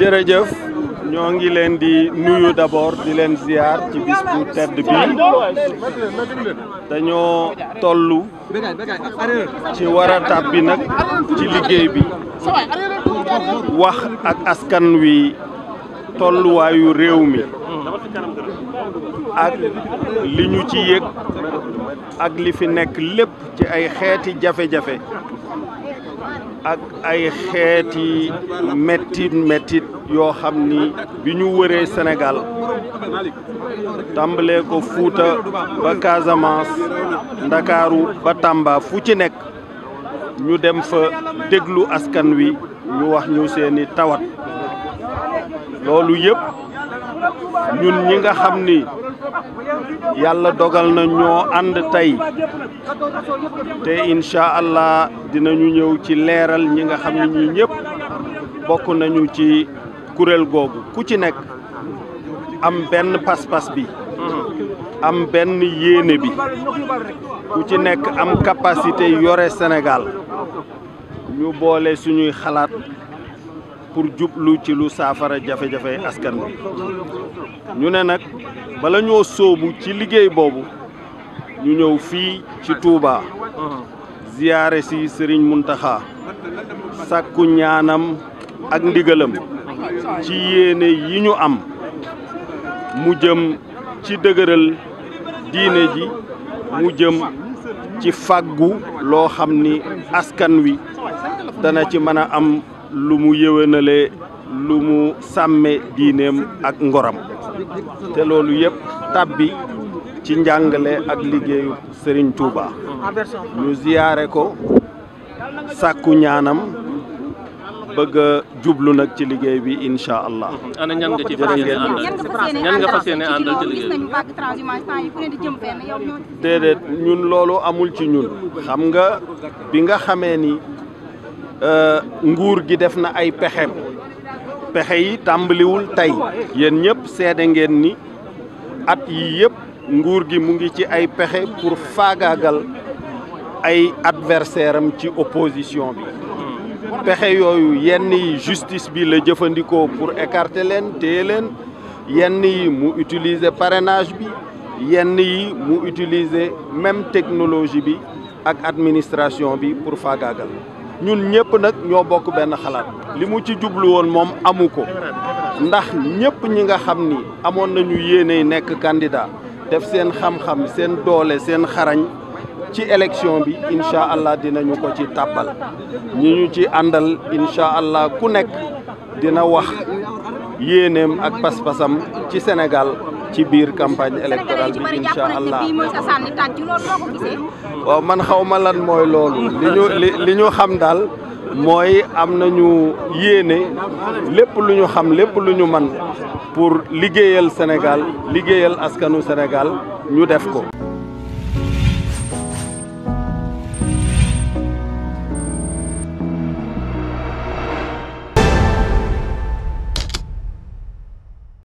jërëjëf ñoo ngi leen di nuyu d'abord di leen ziar ci bis tedd bi dañoo tollu ci war a tàbbi nag ci liggéey bi wax ak askan wi tolluwaayu réew mi ak li ñu ci yëg ak li fi nekk lépp ci ay xeeti jafe-jafe ak ay xeeti mettit mettit yoo xam ni bi ñu wëree Sénégal tàmbalee ko Fuuta ba Casamance Ndakaaru ba Tamba fu ci nekk ñu dem fa déglu askan wi ñu wax ñu seeni tawat loolu yëpp ñun ñi nga xam ni yàlla dogal na ñoo ànd tey te incha allah dinañu ñëw ci leeral ñi nga xam ni ñi ñëpp bokk nañu ci kuréel googu ku ci nekk am benn pas-pas bi am benn yéene bi ku ci nekk am capacité yore Sénégal ñu boole suñuy xalaat pour jublu ci lu saafara jafe-jafe askan bi ñu ne nag bala ñoo sóobu ci liggéey boobu ñu ñëw fii ci Touba ziyaare si Sëriñ Muntaxa sàkku ñaanam ak ndigalam ci yéene yi ñu am mu jëm ci dëgëral diine ji mu jëm ci fàggu loo xam ni askan wi dana ci mën a am lu mu yëwénale lu mu sàmme diineem ak ngoram te loolu yëpp tàbbi ci njàngale ak liggéeyu Serigne Touba ñu ziyaare ko sàkku ñaanam bëgg jublu nag ci liggéey bi incha allah. déedéet ñun loolu amul ci ñun xam nga bi nga xamee ni. Euh, nguur gi def na ay pexeem pexe yi wul tay yéen ñep sédé ngeen ni at yi yëpp nguur gi mu ngi ci ay pexé pour fagagal ay adversaire am ci opposition bi pexe yoyu yenn yi justice bi le jëfëndiko pour écarter leen téye yenn yi mu utiliser parrainage bi yenn yi mu utiliser même technologie bi ak administration bi pour fagagal. ñun ñëpp nag ñoo bokk benn xalaat li mu ci jublu woon moom amu ko ndax ñëpp ñi nga xam ni amoon nañu yéeney nekk candidat def seen xam-xam seen doole seen xarañ ci élection bi incha allah dinañu ko ci tàbbal ñi ñu ci àndal incha allah ku nekk dina wax yéeneem ak pas-pasam ci Sénégal ci biir campagne électorale bi incha allah waaw man xaw ma mooy loolu li ñu li ñu xam daal mooy am na ñu yéene lépp lu ñu xam lépp lu ñu man pour liggéeyal Sénégal liggéeyal askanu Sénégal ñu def ko